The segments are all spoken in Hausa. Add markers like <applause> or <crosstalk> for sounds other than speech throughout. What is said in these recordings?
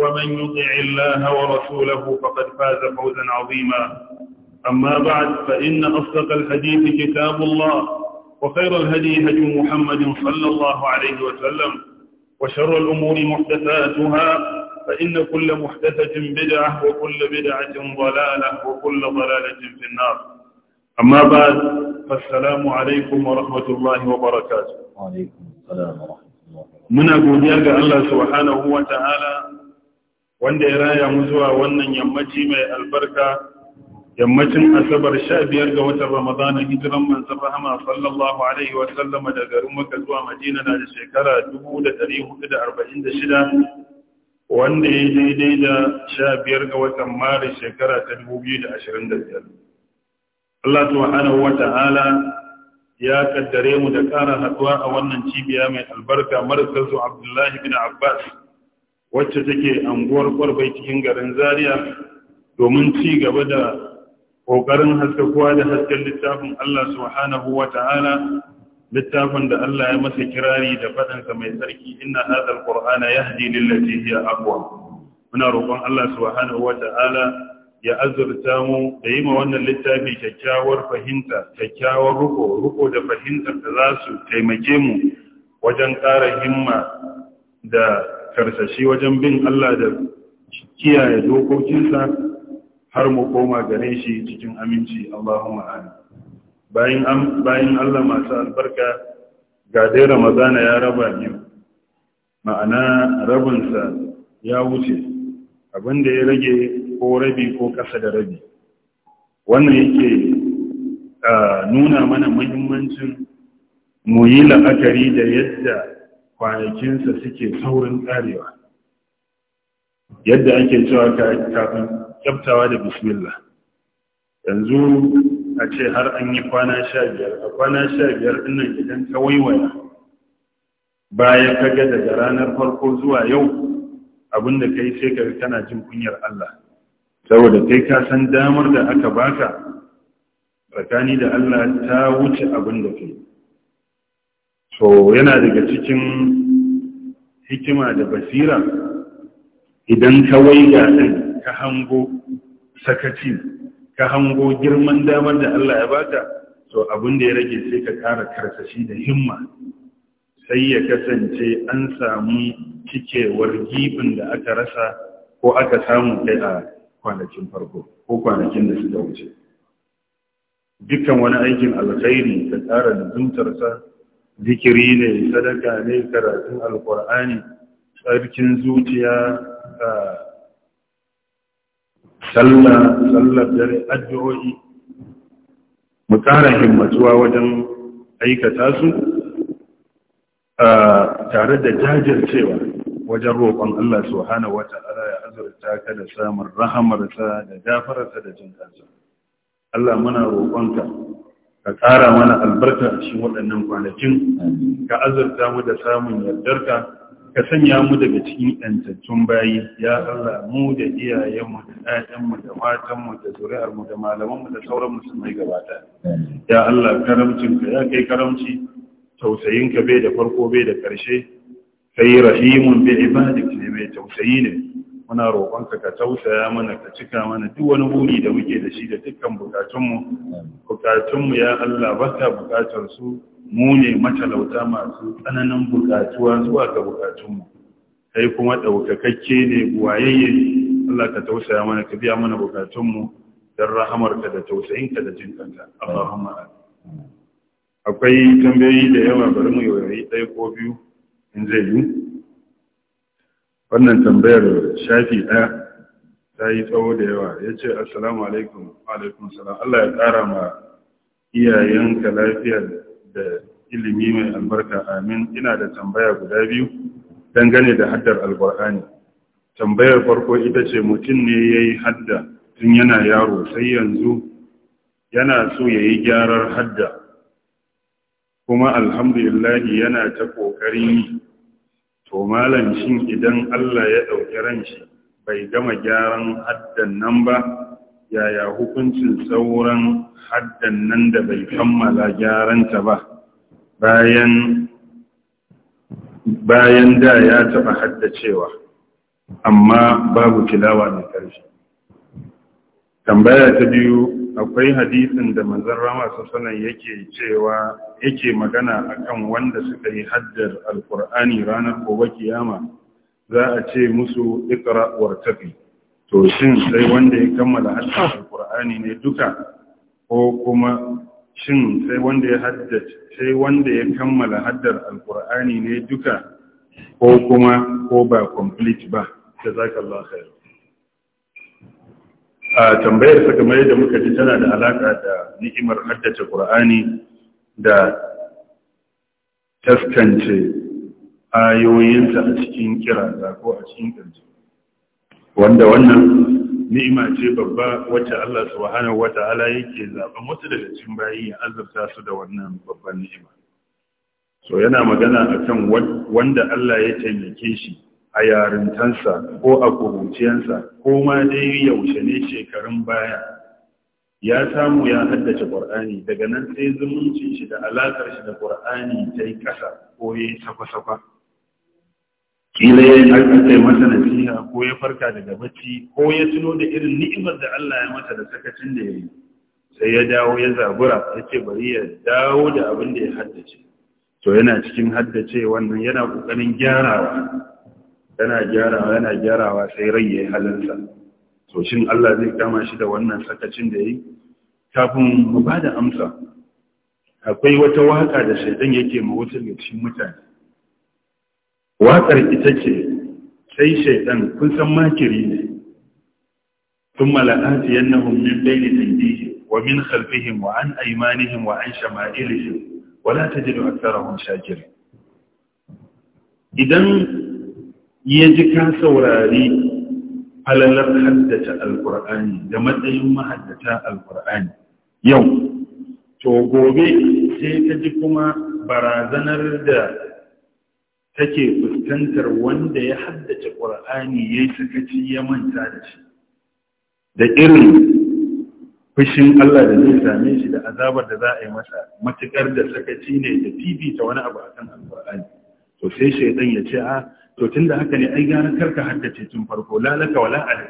ومن يطع الله ورسوله فقد فاز فوزا عظيما أما بعد فإن أصدق الحديث كتاب الله وخير الهدي هدي محمد صلى الله عليه وسلم وشر الأمور محدثاتها فإن كل محدثة بدعة وكل بدعة ضلالة وكل ضلالة في النار أما بعد فالسلام عليكم ورحمة الله وبركاته وعليكم السلام ورحمة الله منا قد الله سبحانه وتعالى wanda ya raya mu zuwa wannan yammaci mai albarka yammacin asabar sha biyar ga watan ramadana hijiran manzan rahama sallallahu alaihi wa sallama da garin maka zuwa madina na da shekara 1446 wanda ya daidai da sha biyar ga watan maris shekara ta 2025 Allah subhanahu wa ta'ala ya kaddare mu da ƙara haɗuwa a wannan cibiya mai albarka markazu abdullahi bin abbas wacce take anguwar kwarbai cikin garin zaria domin ci gaba da ƙoƙarin haskakuwa da hasken littafin Allah subhanahu wa ta'ala littafin da Allah ya masa kirari da faɗansa mai tsarki inna hadal qur'ana yahdi lillati hiya aqwa muna roƙon Allah subhanahu wa ta'ala ya azurta mu da yi ma wannan littafi kyakkyawar fahimta kyakkyawar ruko ruko da fahimtar da za su taimake mu wajen ƙara himma da karsashi wajen bin Allah da kiyaye dokokinsa har mu koma gare shi cikin aminci Allahumma amin bayan bayan Allah masu albarka ga dai Ramadana ya raba ni ma'ana rabinsa ya wuce abinda ya rage ko rabi ko ƙasa da rabi wannan yake nuna mana muhimmancin mu yi la'akari da yadda kwanakinsa suke saurin karewa yadda ake cewa kafin kyaftawa da bismillah yanzu a ce har an yi kwana sha biyar a kwana sha biyar dinnan idan ka waiwaya baya kaga daga ranar farko zuwa yau abinda ka yi sai ka kana jin kunyar Allah saboda kai ka san damar da aka baka tsakani da Allah ta wuce abin da kai to yana daga cikin hikima da basira idan ka waiga ɗin ka hango sakaci ka hango girman damar da Allah ya baka to abin da ya rage sai ka kara karsashi da himma sai ya kasance an samu cikewar gibin da aka rasa ko aka samu kai a kwanakin farko ko kwanakin da suka wuce dukkan wani aikin alkhairi ka tsara da zuntarsa zikiri ne sadaka ne karatun alkur'ani sarkin zuciya sallah sallar dare addu'o'i mu ƙara himmatuwa wajen aikata su tare da jajircewa wajen roƙon Allah subhanahu wata'ala ya azurta ka da samun rahamarsa da gafararsa da jin Allah muna roƙonka ka ƙara mana albarka a cikin waɗannan kwanakin ka azurta mu da samun yardarka ka sanya mu daga cikin ɗantattun bayi ya Allah mu da iyayenmu da ɗayanmu da matanmu da zuri'armu da malamanmu da sauran musulmai gabata ya Allah karamcinka ya kai karamci tausayinka bai da farko bai da ƙarshe kai rahimun bi ibadik ne mai tausayi ne muna roƙonka ka tausaya mana ka cika mana duk wani buri da muke da shi da dukkan bukatunmu bukatunmu ya Allah baka bukatar su mu ne matalauta masu tsananin bukatuwa zuwa ga bukatunmu kai kuma ɗaukakakke ne buwayayye Allah ka tausaya mana ka biya mana bukatunmu don rahamarka da tausayinka da kanka Allahumma akwai tambayoyi da yawa bari mu yi ɗaya ko biyu in zai yi wannan tambayar shafi ɗaya ta yi tsawo da yawa ya ce assalamu alaikum alaikum salam Allah ya ƙara ma iyayenka lafiya da ilimi mai albarka amin ina da tambaya guda biyu dangane da haddar alƙur'ani tambayar farko ita ce mutum ne ya yi hadda tun yana yaro sai yanzu yana so ya yi gyarar hadda kuma alhamdulillahi yana ta ƙoƙarin to malam shin idan Allah ya ɗauki ran shi bai gama gyaran haddan nan ba yaya hukuncin sauran haddan nan da bai kammala gyaranta ba bayan bayan da ya taɓa haddacewa amma babu tilawa mai ƙarshe tambaya ta biyu akwai hadisin da manzon rama sassanan yake cewa yake magana akan wanda suka yi haddar alkur'ani ranar gobe kiyama za a ce musu ikra wartafi to shin sai wanda ya kammala haddar alkur'ani ne duka ko kuma shin sai wanda ya sai wanda ya kammala haddar alkur'ani ne duka ko kuma ko ba complete ba jazakallahu khairan a tambayar sa kamar yadda muka ji tana da alaka da ni'imar haddace Qur'ani da taskance ayoyinsa a cikin kira ko a cikin ƙirji. wanda wannan ni'ima ce babba wacce Allah subhanahu wata'ala yake zaɓen wasu daga cikin bayi ya azabta su da wannan babban ni'ima so yana magana akan wanda Allah ya taimake shi a yarintansa ko a kuruciyansa ko ma dai yaushe ne shekarun baya ya samu ya haddace ƙur'ani daga nan sai zumuncin shi da alaƙar shi da ƙur'ani ta yi ƙasa ko ya yi sakwa-sakwa Ƙila ya yi masa nasiha ko ya farka daga bacci ko ya tuno da irin ni'imar da Allah ya mata da sakacin da ya yi sai ya dawo ya zabura ya ce bari ya dawo da abin da ya haddace to yana cikin haddace wannan yana ƙoƙarin gyarawa yana gyarawa yana gyarawa sai rai ya yi halinsa to shin Allah zai kama shi da wannan sakacin da ya kafin mu ba amsa akwai wata waka da shaidan yake ma da cikin mutane wakar ita ce sai shaidan kun san makiri ne bayni لآتينهم wa min khalfihim wa an aymanihim wa an shama'ilihim wala tajidu أكثرهم شاكرين idan ya ji ka saurari halalar haddace alkur'ani da matsayin mahaddata alkur'ani yau to gobe sai ka ji kuma barazanar da take fuskantar wanda ya haddace ƙur'ani ya yi sakaci ya manta da shi da irin fushin Allah da zai same shi da azabar da za a yi masa matukar da sakaci ne da fifita wani abu akan alkur'ani to sai shaidan ya ce a ah, to tun da haka ne ai gara karka haddace tun farko lalaka wala ala,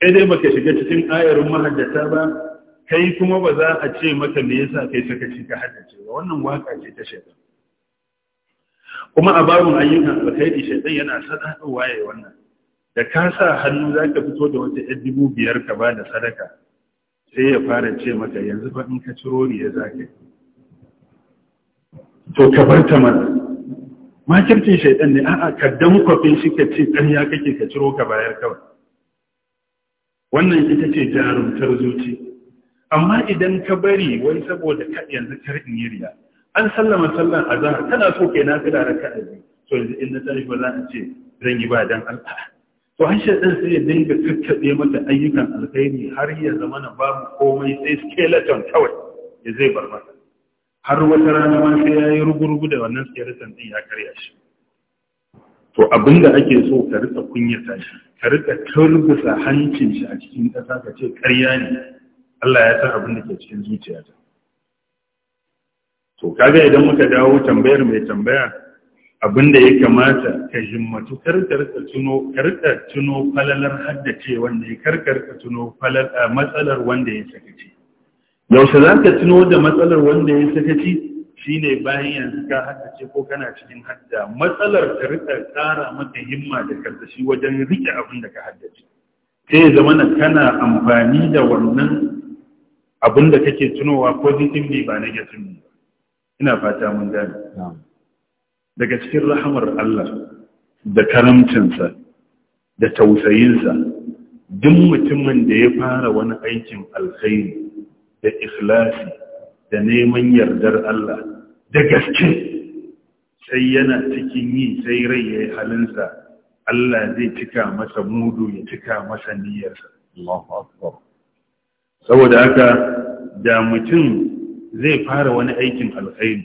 kai dai baka shiga cikin ayarin mahaddata ba kai kuma ba za a ce maka me yasa kai saka shi ka haddace ba wannan waka ce ta shaitan kuma a babun ayyukan alkhairi shaitan yana sadawa waye wannan da ka sa hannu za ka fito da wata ɗan dubu biyar ka ba da sadaka sai ya fara ce maka yanzu fa in ka ciro ne za ka yi to ka bar ta mana makircin shaidan ne a'a ka damkwafin shi ka ce ɗan ya kake ka ciro ka bayar kawai wannan ita ce jarumtar zuci amma idan ka bari wai saboda ka yanzu kar in yi riya an sallama sallan azhar kana so ke na kira raka azhar so yanzu in na tashi ba za a ce zan yi ba dan Allah to an shaidan sai ya dinga kakkaɓe mata ayyukan alkhairi har ya zama babu komai sai skeleton kawai ya zai bar mata har wata rana ma sai ya yi rugurugu da wannan skeleton din ya karya shi to abinda ake so ka rika kunyata shi ka rika turgusa hancin shi a cikin ƙasa ka ce karya ne Allah ya san abin da ke cikin zuciyata to kaga idan muka dawo tambayar mai tambaya abinda ya kamata ka himmatu karkarka tuno karkar tuno falalar haddace wanda ya rika tuno falalar matsalar wanda ya sakace yaushe za ka tuno da matsalar wanda ya sakaci shi ne bayan yanzu ka haddace ko kana cikin hadda matsalar ta rika tsara maka himma da karsashi wajen rike abin da ka haddace sai zama na kana amfani da wannan abin da kake tunowa ko positively ba na negatively ba ina fata mun gane daga cikin rahamar Allah da karamcinsa da tausayinsa duk mutumin da ya fara wani aikin alkhairi da ikhlasi da neman yardar Allah da gaske sai yana cikin yi sai rai ya yi halinsa Allah zai cika masa mudu ya cika masa niyyarsa saboda haka da mutum zai fara wani aikin alkhairi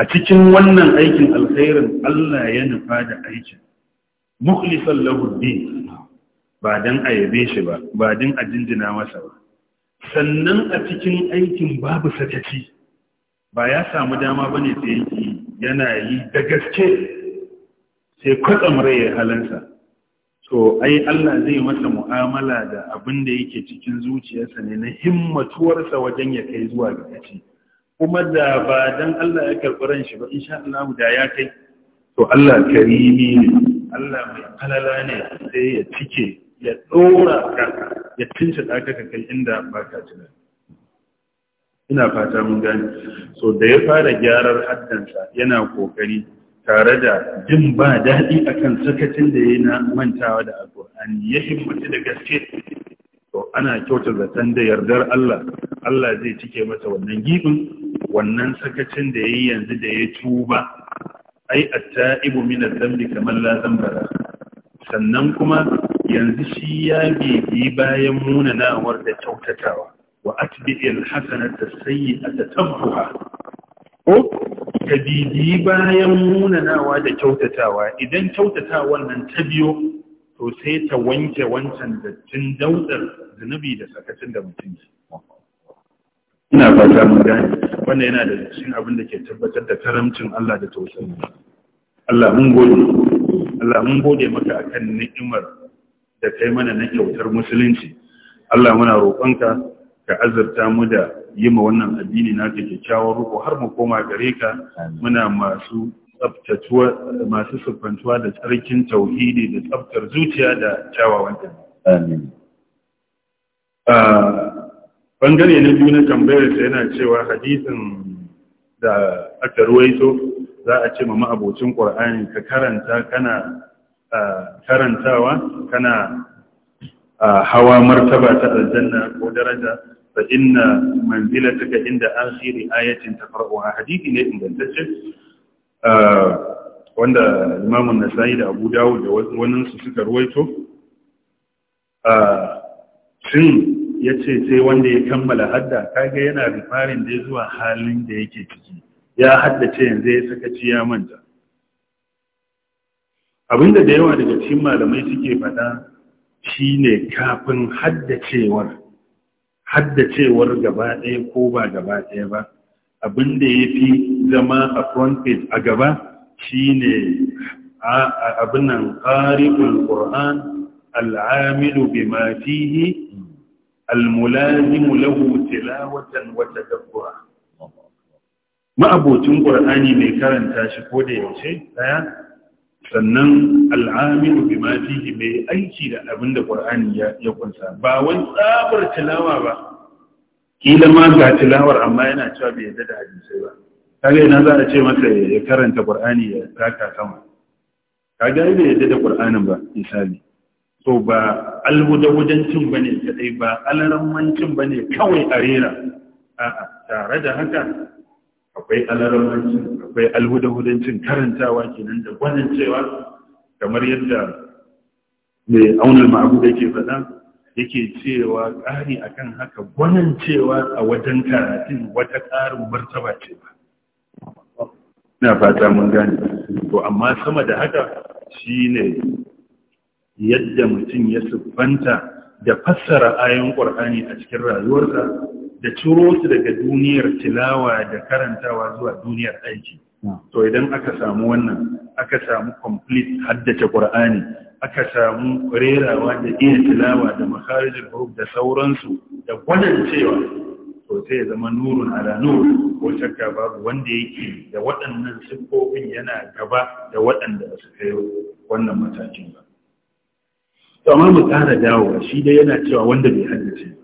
a cikin wannan aikin alkhairin Allah ya nufa da aikin mukhlisan lahu din ba dan ayabe shi ba ba dan ajinjina masa ba sannan a cikin aikin babu sakaci ba ya samu dama ba ne sai yi yana yi da gaske sai kwatsam rai ya halansa to ai Allah zai masa mu'amala da abin da yake cikin zuciyarsa ne na himmatuwarsa wajen ya kai zuwa da gaci kuma da ba don Allah ya karɓi ran shi ba insha Allah da ya kai to Allah karimi ne Allah mai kalala ne sai ya cike ya ɗora ka ya tinci ɗaka ka kai inda ba ka tunani ina fata mun gani so da ya fara gyarar haddansa yana kokari tare da jin ba daɗi akan sakacin da ya na mantawa da alƙur'ani ya himmatu da gaske to ana kyauta zaton da yardar Allah Allah zai cike masa wannan gibin wannan sakacin da ya yi yanzu da ya tuba ai atta'ibu min adh-dhanbi la sannan kuma yanzu shi ya bibi bayan munanawar da kyautatawa wa atbi'il hasanata sayyi'ata tabbuha ko ka bibi bayan munanawa da kyautatawa idan kyautatawan nan ta biyo to sai ta wanke wancan dattin daudar zunubi da sakacin da mutum ina fata mun gani wannan yana da cikin abin da ke tabbatar da karamcin Allah da tausayi Allah mun gode Allah mun gode maka akan ni'imar da kai mana na kyautar musulunci Allah muna roƙonka ka azurta mu da yi ma wannan addini na take kyawar ruko har mu koma gare ka muna masu tsabtatuwa masu sufantuwa da tsarkin tauhidi da tsabtar zuciya da kyawawan ta amin bangare na biyu na tambayar yana cewa hadisin da aka ruwaito za a ce ma abocin Qur'ani ka karanta kana karantawa kana hawa martaba ta aljanna ko daraja fa inna manzilataka inda akhiri ayatin taqra'uha hadisi ne ingantacce wanda Imam an-Nasa'i da Abu Dawud da wannan su suka ruwaito shin yace sai wanda ya kammala hadda kage yana rifarin da zuwa halin da yake ciki ya haddace yanzu ya sakaci ya manta abinda da yawa daga cikin malamai suke fada shine kafin haddacewar haddacewar gaba ɗaya ko ba gaba ɗaya ba abinda ya fi zama a front page a gaba shine abin nan ƙarifin ƙur'an al'amilu bi ma fihi al lahu tilawatan wa tadabbura ma'abocin ƙur'ani mai karanta shi ko da yaushe daya sannan al'amilu bi ma fihi mai aiki da abin da qur'ani ya ya kunsa ba wai tsabar tilawa ba kila ma ga tilawar amma yana cewa bai yadda da hadisi ba kaga ina za a ce masa ya karanta qur'ani ya taka sama kaga bai yadda da qur'anin ba misali to ba ba bane kadai ba alarammancin bane kawai a rera a'a tare da haka akwai alarammancin akwai alhudahudancin karantawa kenan da gwanin cewa kamar yadda mai aunar ma'abu da ke faɗa yake cewa ƙari akan haka gwanin cewa a wajen karatun wata ƙarin martaba ce ba na fata mun gane to amma sama da haka shine yadda mutum ya siffanta da fassara ayon ƙwar'ani a cikin rayuwarsa da ciro su daga duniyar tilawa da karantawa zuwa duniyar aiki to idan aka samu wannan aka samu complete haddace kur'ani aka samu rerawa da iya tilawa da makarijin huruf da sauransu da cewa, to sai ya zama nurun ala nuru ko shakka babu wanda yake da waɗannan siffofin yana gaba da waɗanda ba su kai wannan matakin ba to amma mu ƙara dawowa shi dai yana cewa wanda bai haddace ba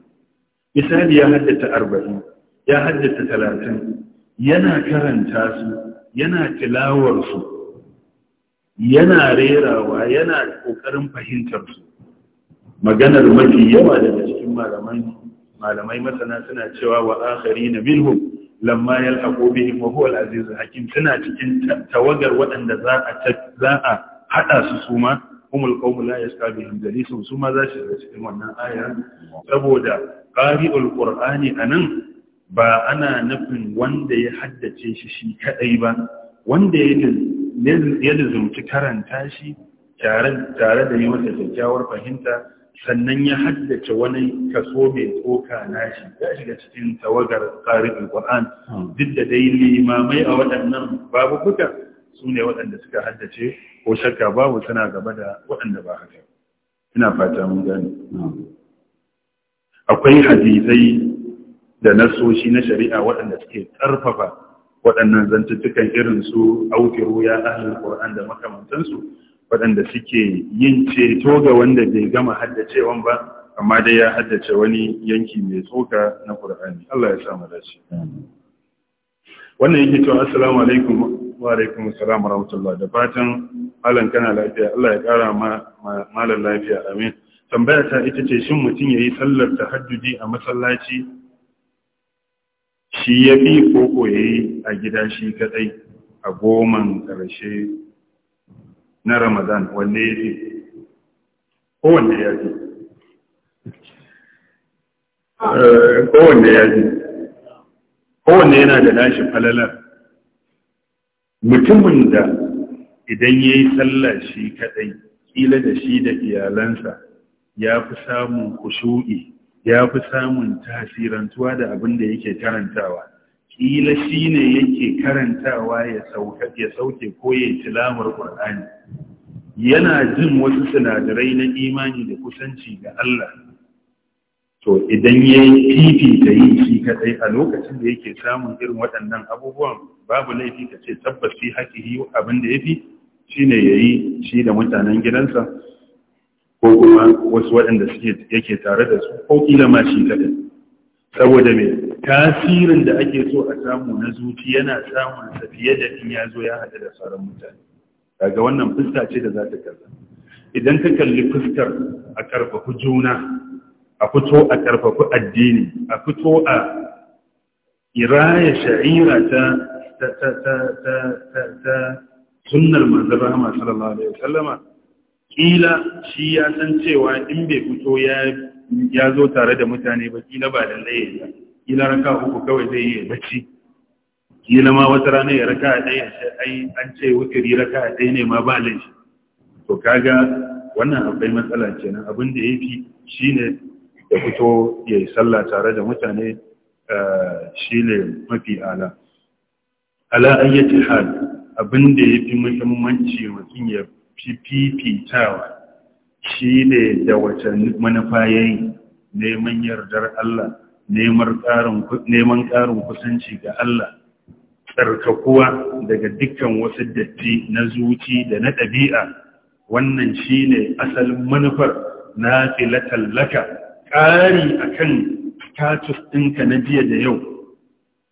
misali ya haddata arba'in ya haddata talatin yana karanta su yana tilawarsu yana rerawa yana ƙoƙarin fahimtarsu maganar mafi yawa daga cikin malamai masana suna cewa wa akari na bilhum lamma ya alhaƙo bihim wa huwa hakim suna cikin tawagar waɗanda za a haɗa su suma umul ya la yaska bihim jalisun suma za cikin wannan aya saboda qari'ul qur'ani a nan ba ana nufin wanda ya haddace shi shi kaɗai ba wanda ya lizumci karanta shi tare da yi masa kyakkyawar fahimta sannan ya haddace wani kaso mai tsoka shi ya shiga cikin tawagar qari'ul qur'an hmm. duk da dai limamai a waɗannan babu buka su ne waɗanda suka haddace ko shakka babu suna gaba da waɗanda ba haka ina fata mun gane hmm. akwai hadisai da nasoshi na shari'a waɗanda suke ƙarfafa waɗannan zantuttukan irin su aukiru ya ahlul qur'an da makamantansu waɗanda suke yin ceto ga wanda bai gama haddacewan ba amma dai ya haddace wani yanki mai tsoka na qur'ani Allah ya sa mu dace wannan yake to assalamu alaikum wa alaikum assalam wa rahmatullah da fatan malam kana lafiya Allah ya kara ma malam lafiya amin tambaya ta ita ce shin mutum ya yi sallar ta hajjuji a masallaci shi yafi koko ya yi a gida shi kadai a goman karshe na Ramadan wanne ya fi Kowanne ya fi eh, kowanne ya fi kowanne yana da nashi falalar mutumin da idan yi sallar shi kadai kila da shi da iyalansa ya fi samun kushu'i ya fi samun tasirantuwa da abin da yake karantawa ƙila shi ne yake karantawa ya sauke ko ya tilamar ƙwar'ani yana jin wasu sinadarai na imani da kusanci ga Allah to idan ya yi fifita yi shi kadai a lokacin da yake samun irin waɗannan abubuwan babu laifi ka ce tabbas fi haƙihi abin da ya fi shi ne ya yi shi da mutanen gidansa ko kuma wasu waɗanda suke yake tare da su ko kila ma shi kaɗai saboda me tasirin da ake so a samu na zuci yana samun sa fiye da in ya zo ya haɗu da sauran mutane daga wannan fuska ce da za ta kalla idan ka kalli fuskar a ƙarfafi juna a fito a ƙarfafi addini a fito a iraya sha'ira ta ta ta ta ta ta sunnar manzon rahama sallallahu alaihi wasallama kila shi ya san cewa in bai fito ya zo tare da mutane ba kila ba lallai ya kila raka uku kawai zai yi bacci kila ma wata rana ya raka ɗaya ai an ce wutiri raka ɗaya ne ma ba laifi to kaga wannan akwai matsala kenan abin da yafi shine ya fito ya yi sallah tare da mutane eh, shi ne mafi ala ala ayyati hal abin da yafi muhimmanci mutum ya fifitawa shi ne da wace manufa ya yi neman yardar Allah neman ƙarin kusanci ga Allah tsarkakuwa daga dukkan wasu datti na zuci da na ɗabi'a wannan shi ne asalin manufar na filatallaka ƙari a kan status ɗinka na jiya da yau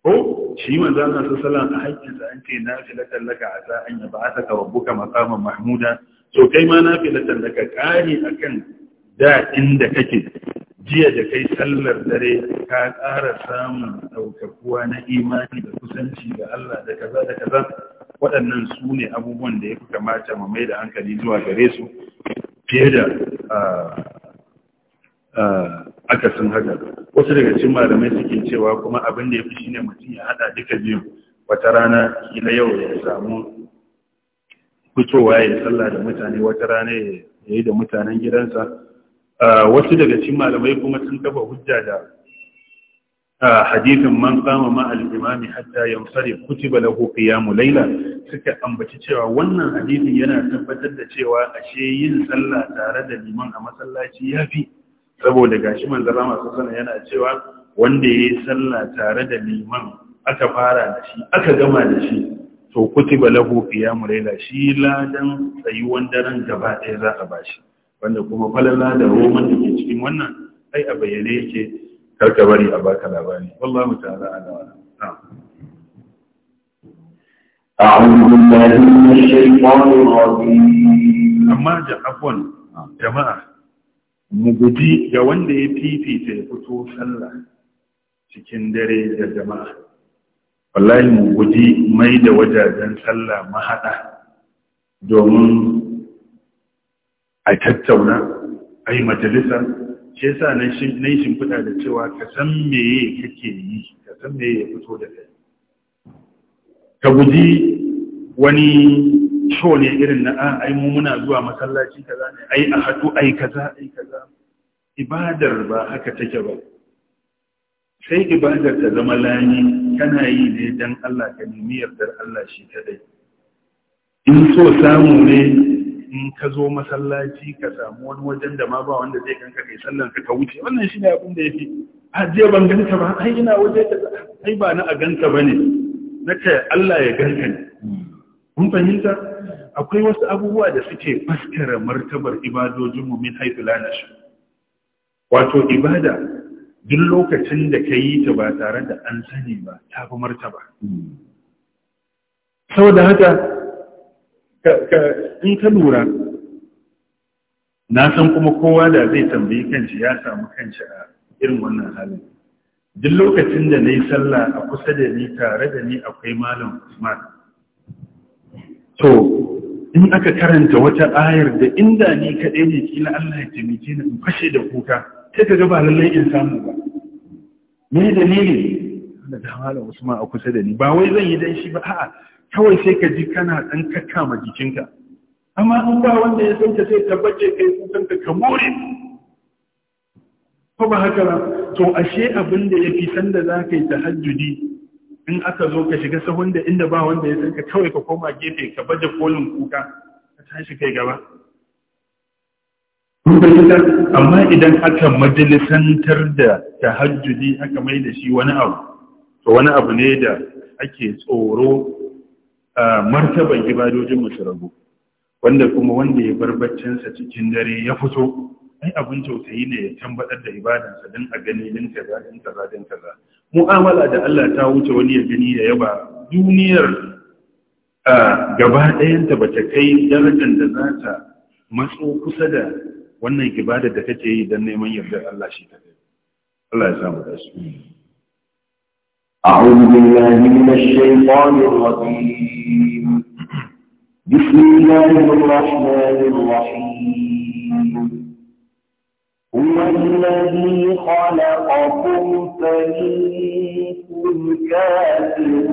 ko shi manzo Allah sallallahu a hakkin sa an ce nafilatan laka asa an yab'athaka rabbuka maqaman mahmuda to kai ma nafilatan laka kari akan da inda kake jiya da kai sallar dare ka ƙara samun ɗaukakuwa na imani da kusanci ga Allah da kaza da kaza waɗannan su ne abubuwan da ya fi kamata mu mai da hankali zuwa gare su fiye da ah, ah, aka sun haka wasu daga cikin malamai suke cewa kuma abin da ya fi shine mutum ya haɗa duka biyu wata rana kila yau ya samu fitowa ya sallah da mutane wata rana ya yi da mutanen gidansa wasu daga cikin malamai kuma sun kafa hujja da hadithin man qama ma al-imami hatta yamsari kutiba lahu qiyamu layla suka ambaci cewa wannan hadithin yana tabbatar da cewa ashe yin sallah tare da liman a masallaci yafi saboda gashi manzara masu sana yana cewa wanda ya yi sallah tare da liman aka fara da shi aka gama da shi to kutiba lahu ya layla shi ladan tsayuwan daren gaba ɗaya za a bashi wanda kuma falala da roman da ke cikin wannan ai a bayyane yake karka bari a baka labari wallahu ta'ala ala wala أعوذ بالله من الشيطان الرجيم أما جماعة mu guji ga wanda ya fifita ya fito sallah cikin dare da jama'a wallahi mu guji mai da wajajen sallah mahaɗa domin a tattauna a yi majalisa ce sa na yi shimfiɗa da cewa ka san meye kake yi ka san meye ya fito da kai ka guji wani ne irin na a ah, ai mu muna zuwa masallaci kaza ne ai a haɗu ai kaza ai kaza ibadar ba haka take ba sai ibadar ta zama lani kana yi ne don Allah ka nemi yardar Allah shi kadai in so samu ne in ka zo masallaci ka samu wani wajen da ma ba wanda zai ganka kai sallan ka wuce wannan shine abin da yake a je ban ganka ba ai ina waje ka ai ba na a ganka bane na Allah ya ganka ne kun fahimta akwai wasu abubuwa da suke faskara martabar ibadojinmu min haifu lanashi wato ibada duk lokacin da ka yi ta ba tare da an sani ba ta fi martaba sau da haka in ka lura na san kuma kowa da zai tambayi kanci ya samu kanci a irin wannan halin duk lokacin da na yi sallah a kusa da ni tare da ni akwai malam usman to in aka karanta wata ayar da inda ni kaɗai ne kila Allah ya taimake ni in fashe da kuka sai ka ga ba lallai in samu ba me dalili da dama da wasu ma a kusa da ni ba wai zan yi dan shi ba a'a kawai sai ka ji kana dan kakkama jikinka amma in ba wanda ya san ka sai tabbace kai kukan ka ka more ko ba haka ba to ashe abin da yafi sanda za ka yi tahajjudi in aka zo ka shiga sahun da inda ba wanda ya tsinka kawai ka koma gefe ka baje kolin kuka ka tashi kai gaba amma idan aka majalisantar da tahajjudi aka mai da shi wani abu to wani abu ne da ake tsoro a martaban ibadojin masu rabu wanda kuma wanda ya bar cikin dare ya fito ai abin tausayi ne ya tambadar da ibadansa don a gani din kaza din kaza din kaza mu'amala da Allah ta wuce wani ya gani ya yaba duniyar a gaba ɗayanta ba ta kai darajar da za ta matso kusa da wannan ibadar da kake yi don neman yardar Allah shi ta kai Allah ya samu da su أعوذ بالله من الشيطان الرجيم بسم الله الرحمن الرحيم هو الذي خلقكم فمنكم كافر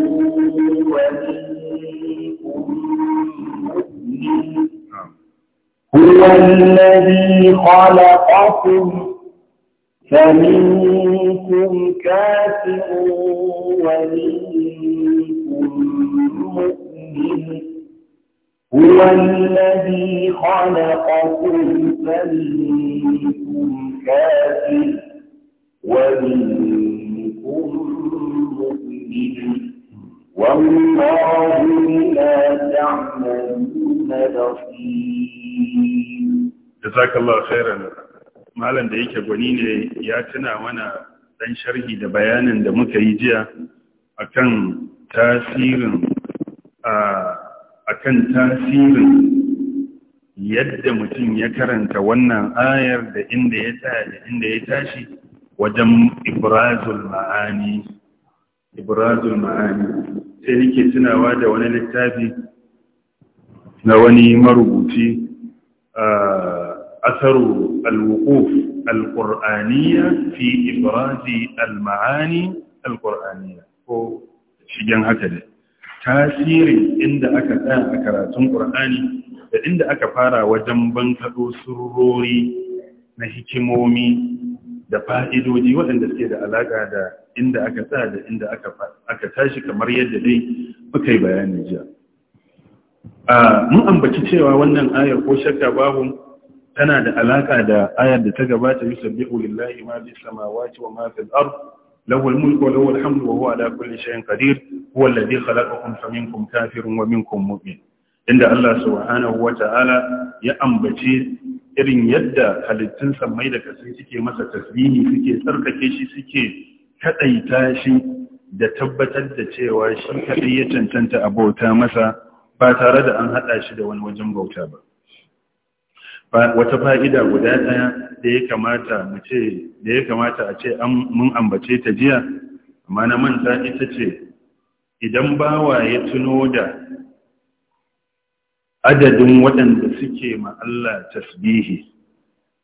ومنكم مؤمن هو الذي خلقكم فمنكم كافر ومنكم مؤمن هو الذي خلقكم فمنكم كافر ومنكم مؤمن والله تعملون بصير جزاك الله خيرا malam da yake gwani ne ya tuna mana dan sharhi da bayanin da muka yi jiya akan tasirin a akan tasirin yadda mutum ya karanta wannan ayar da inda ya tsaya inda ya tashi wajen ibrazul ma'ani ibrazul ma'ani sai nake tunawa da wani littafi na wani marubuci a asaru al-wuquf al-qur'aniyya fi ibrazi al-ma'ani al-qur'aniyya ko shigen haka ne tasirin inda aka tsaya a karatun ƙur'ani da inda aka fara wajen bankaɗo surori na hikimomi da fa'idoji waɗanda suke da alaƙa da inda aka tsaya da inda aka tashi kamar yadda dai muka yi bayani jiya. Mun ambaci cewa wannan ayar ko shakka babu tana da alaƙa da ayar da ta gabata yi sabbi ulillahi ma bi wa ma fil له الملك وله الحمد وهو على كل شيء قدير هو الذي خلقكم فمنكم كافر ومنكم مؤمن عند الله سبحانه وتعالى يا irin yadda halittun sammai da kasai suke masa tasbihi suke tsarkake shi suke kadaita shi da tabbatar da cewa shi kadai ya cancanta abota masa ba tare da an hada shi da wani wajen bauta ba wata fa'ida guda ɗaya da ya kamata mu ce da ya kamata a ce mun ambace ta jiya amma na manta ita ce idan bawa ya tuno da adadin waɗanda suke ma Allah tasbihi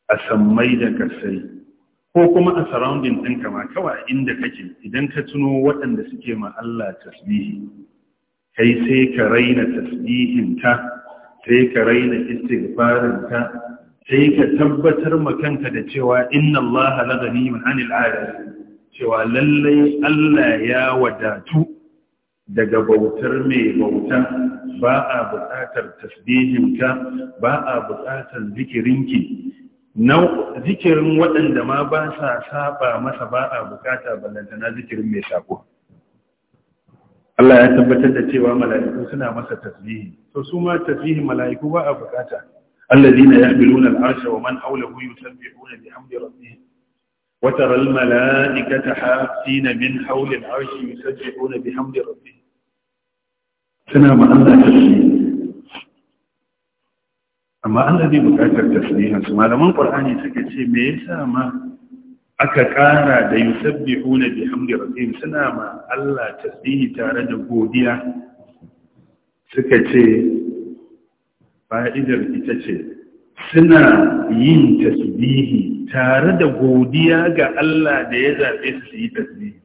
a sammai da kasai ko kuma a surrounding ɗin kama kawa inda kake idan ka tuno waɗanda suke ma Allah tasbihi kai sai ka raina tasbihinta sai ka raina istighfarinka sai ka tabbatar kanka da cewa inna Allah la ghaniyyun 'anil 'alamin cewa lallai Allah ya wadatu daga bautar mai bauta ba a buƙatar tasbihinka ba a buƙatar zikirinki zikirin waɗanda ma ba sa saba masa ba a buƙata ballantana zikirin mai sako Allah ya tabbatar da cewa mala'iku suna masa tasbihi to su ma tasbihin mala'iku ba a bukata alladhina ya'miluna al'arsha wa man hawlahu yusabbihuna bihamdi rabbihim wa tara al-mala'ikata hafina min hawli al'arshi yusabbihuna bihamdi rabbihim suna ma Allah tasbihi amma Allah bai bukatar tasbihin su malaman Qur'ani suka ce me yasa ma aka ƙara da yusabbihuna bihamdi rabbihim suna ma Allah tasbihi tare da godiya suka ce fa'idar ita ce suna yin tasbihi tare da godiya ga Allah da ya zaɓe su yi tasbihi.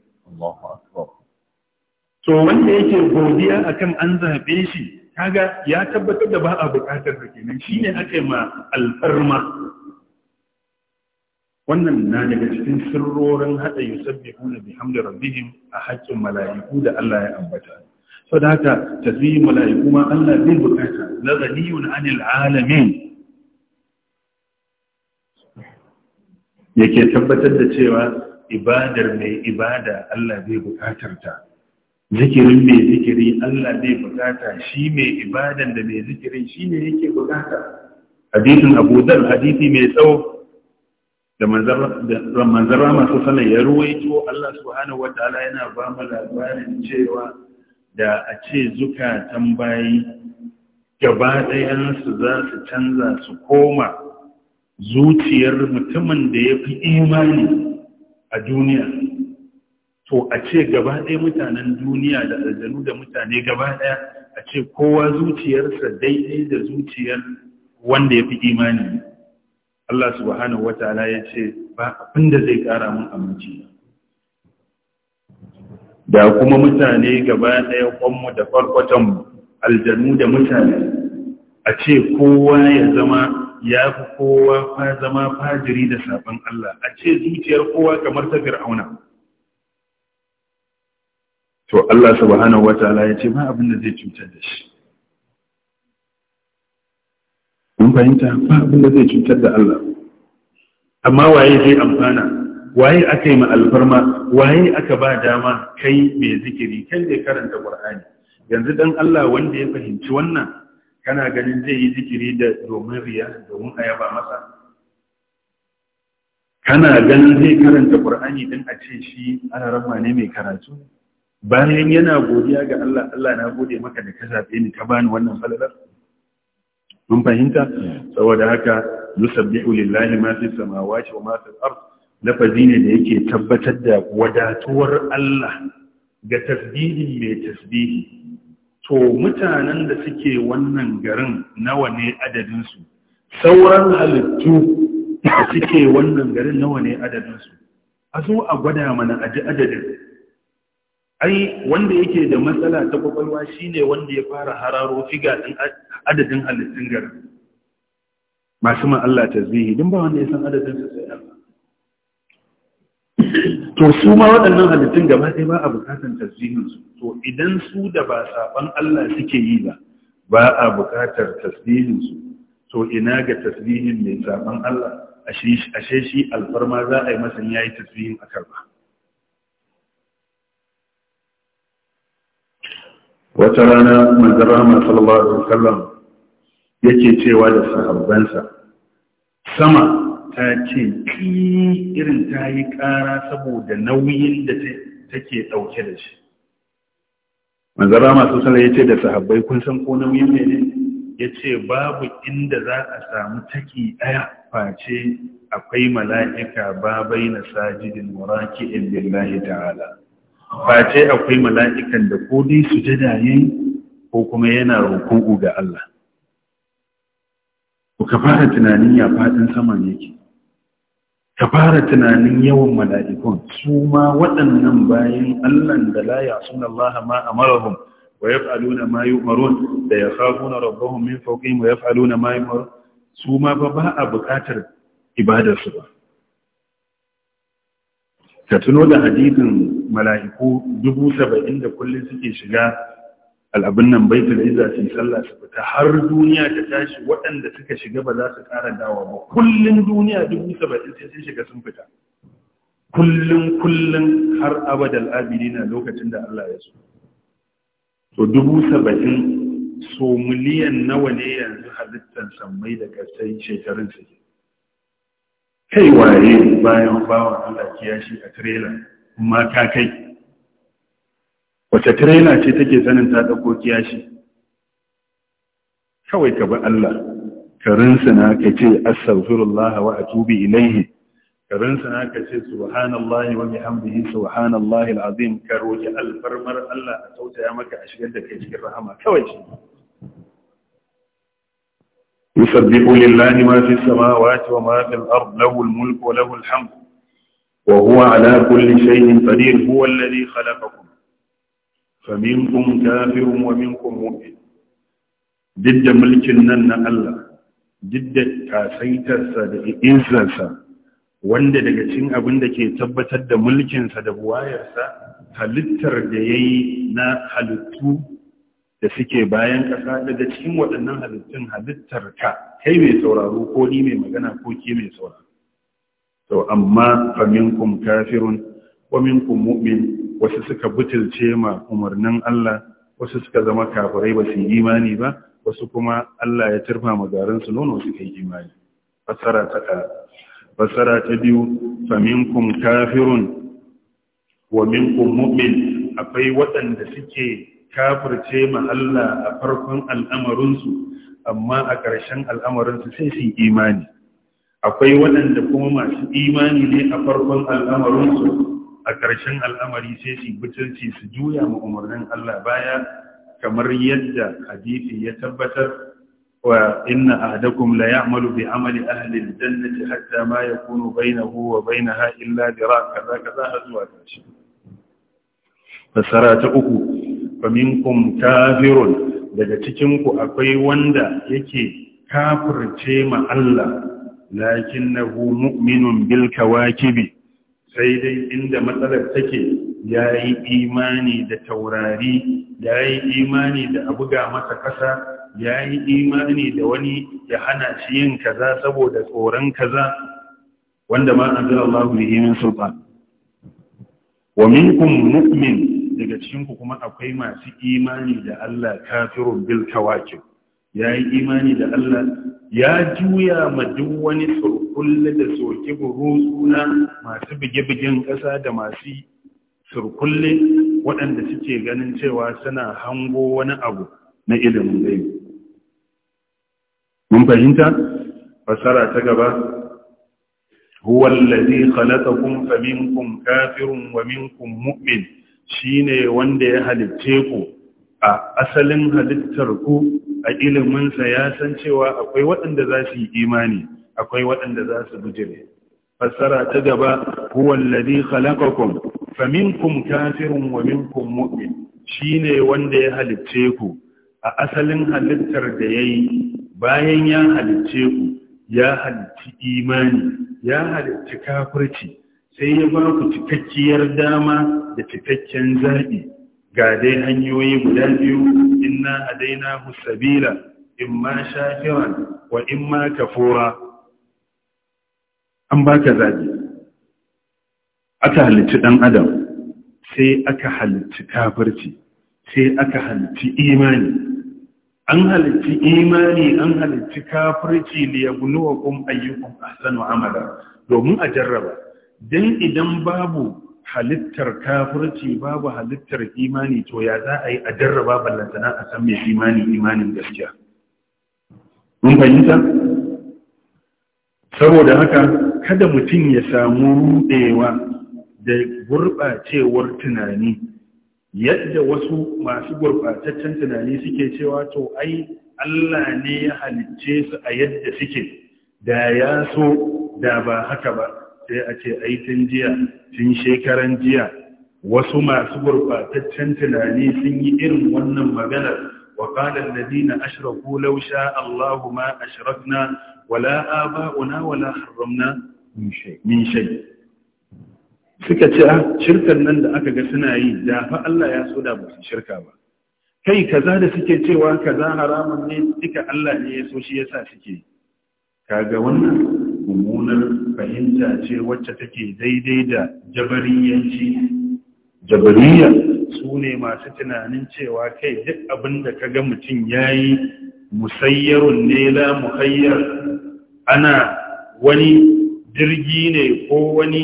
So wanda yake godiya akan an zaɓe shi, kaga ya tabbatar da ba a buƙatar da kenan shi ne aka ma alfarma. wannan na daga cikin sirrorin hada yusabbihuna bihamdi rabbihim a haƙƙin mala'iku da Allah ya ambata so da haka tasbihin mala'iku ma Allah bai bukata la ghaniyun anil alamin yake tabbatar da cewa ibadar mai ibada Allah bai bukatar ta zikirin mai zikiri Allah bai bukata shi mai ibadan da mai zikirin shine yake bukata hadisin Abu Dhar hadisi mai tsawo da manzara rama su sana ya ruwaito Allah subhanahu wa ta'ala yana ba mu labarin cewa da a ce zukatan bayi gaba ɗayansu za su canza su koma zuciyar mutumin da ya fi imani a duniya to a ce gaba ɗaya mutanen duniya da aljanu da mutane gaba ɗaya a ce kowa zuciyarsa daidai da zuciyar wanda ya fi imani Allah subhanahu ta'ala ya ce ba abinda zai kara mun aminci da kuma mutane gaba ɗaya kwanmu da farkwatonmu aljanu da mutane a ce kowa ya zama ya fi kowa fa zama fajiri da sabon Allah a ce zuciyar kowa kamar ta fir'auna to Allah subhanahu ta'ala ya ce ba abinda zai cutar da shi fahimta ba abin da zai cutar da Allah amma waye zai amfana waye aka yi alfarma waye aka ba dama kai mai zikiri kai zai karanta qur'ani yanzu dan Allah wanda ya fahimci wannan kana ganin zai yi zikiri da domin riya domin ayaba masa kana ganin zai karanta qur'ani din a ce shi ana ne mai karatu bayan yana godiya ga Allah Allah na gode maka da ka zabe ni ka bani wannan falalar mun fahimta saboda haka yusabbihu lillahi ma fi samawati wa ma fi al-ard lafazi ne da yake tabbatar da wadatuwar Allah ga tasbihin mai tasbihi to mutanen da suke wannan garin nawa ne adadin su sauran halittu da suke wannan garin nawa ne adadin su a zo a gwada mana aji adadin ai wanda yake da matsala ta kwakwalwa shine wanda ya fara hararo figa din adadin halittun garin masu ma Allah tasbihi din ba wanda ya san adadin su sai Allah to su ma waɗannan halittun gaba sai ba a bukatan tasbihin su to idan su da ba saban Allah suke yi ba ba a bukatar tasbihin su to ina ga tasbihin mai saban Allah ashe shi alfarma za a yi masa yayi tasbihin a karba wata rana manzan rahama sallallahu alaihi wasallam yake cewa da sahabbansa sama ta ce ki irin ta yi ƙara saboda nauyin da take ɗauke da shi manzan rahama sallallahu alaihi wasallam yace da sahabbai kun san ko nauyin ne ne ya babu inda za a samu taki ɗaya face akwai mala'ika babai na sajidin muraki'in billahi ta'ala face akwai mala'ikan da ko dai sujada yayi ko kuma yana ruku'u ga Allah ka fara tunanin ya fadin saman yake ka fara tunanin yawan mala'ikun su ma waɗannan bayan Allahn da la ya Allah ma a marahun wa ya ma da ya na rabbahun min fauƙin wa ya ma su ma ba ba a buƙatar ibadarsu ba. Ka tuno da hadithin mala'iku dubu saba'in da kullum suke shiga al'abin nan baitul izza su sallah su fita har duniya ta tashi waɗanda suka shiga ba za su ƙara dawa ba kullum duniya dubu saba'in sai sun shiga sun fita kullum kullum har abadal abidi na lokacin da Allah ya so to dubu saba'in so miliyan nawa ne yanzu halittar sammai da kasai shekarun suke kai waye bayan bawan Allah kiyashi a trailer matakai wace tirela ce take sanin ta ɗauko shi? kawai ka bi Allah ka rinsana ka ce astaghfirullah wa atubu ilayhi ka rinsana ka ce subhanallahi wa bihamdihi subhanallahi alazim ka roki alfarmar Allah a tausaya maka a shigar da kai cikin rahama kawai shi يسبح لله ما في السماوات وما في الأرض له الملك وله الحمد وهو على كل شيء قدير هو الذي خلقكم فمنكم كافر ومنكم مؤمن duk da mulkin nan na Allah duk da da wanda daga cikin abin da ke tabbatar da mulkinsa da buwayarsa halittar da ya yi na halittu da suke bayan ƙasa daga cikin waɗannan halittun halittar ka kai mai sauraro ko ni mai magana ko ke mai sauraro to amma fa kafirun wa minkum mu'min wasu suka butulce ma umarnin Allah wasu suka zama kafirai ba su imani ba wasu kuma Allah ya turfa magarin su nono su kai imani fasara ta fasara ta biyu fa kafirun wa minkum mu'min akwai waɗanda suke kafirce ma Allah a farkon al'amarinsu amma a ƙarshen su sai su imani akwai waɗanda kuma masu imani ne a farkon al'amarinsu a ƙarshen al'amari sai su butulci su juya ma umarnin Allah baya kamar yadda hadisi ya tabbatar wa inna ahadakum la ya'malu bi amali ahli al-jannati hatta ma yakunu bainahu wa bainaha illa dira kaza kaza zuwa ƙarshe fasara ta uku fa minkum kafirun daga cikin ku akwai wanda yake kafirce ma Allah Lakin lakinnahu mu'minun bil kawakibi sai dai inda matsalar take yayi imani da taurari yayi imani da abuga masa kasa yayi imani da wani ya hana shi yin kaza saboda tsoron kaza wanda ma allahu bihi min sultan wa minkum mu'min daga cikinku kuma akwai masu imani da Allah kafirun bil kawakib yayi imani da Allah ya juya ma duk wani surkulle da soke suna masu bige-bigen ƙasa da masu surkulle waɗanda suke ganin cewa suna hango wani abu na ilimin gaibi mun fahimta fasara ta gaba kun الذي خلقكم فمنكم كافر ومنكم shi shine wanda ya halicce ku a asalin halittar ku a iliminsa ya san cewa akwai waɗanda za su yi imani akwai waɗanda za su bujire fassara ta gaba huwa alladhi khalaqakum faminkum kafirun wa minkum mu'min shine wanda ya halicce ku a asalin halittar da yayi bayan ya halicce ku ya halicci imani ya halicci kafirci sai ya ba ku cikakkiyar dama da cikakken zabi ga dai hanyoyi guda biyu inna adaina sabila imma shakiran wa imma kafura an baka zabi aka halicci dan adam sai aka halicci kafirci sai aka halicci imani an halicci imani an halicci kafirci liyabluwakum ayyukum ahsanu amala domin a jarraba dan idan babu halittar kafirci babu halittar imani to ya za a yi a jarraba ballantana a san mai imani imanin gaskiya mun fahimta saboda haka kada mutum ya samu rudewa da gurɓacewar tunani yadda wasu masu gurɓataccen tunani suke cewa to ai Allah ne ya halicce su a yadda suke da ya so da ba haka ba sai a ce ai tun jiya tun shekaran jiya wasu masu gurbataccen tunani sun yi irin wannan maganar وقال الذين أشركوا لو شاء allahu ma أشركنا na آباؤنا ولا حرمنا من شيء من شيء suka ce ah, shirkar nan da aka ga suna yi da fa Allah ya so da ba su shirka ba kai kaza da suke cewa kaza haramun ne duka Allah ne ya so shi yasa suke kaga wannan mummunar fahimta ce wacce take daidai da jabariyanci jabariya su ne masu tunanin cewa kai duk abin da ka ga mutum ya yi musayyarun nela muhayyar ana wani jirgi ne ko wani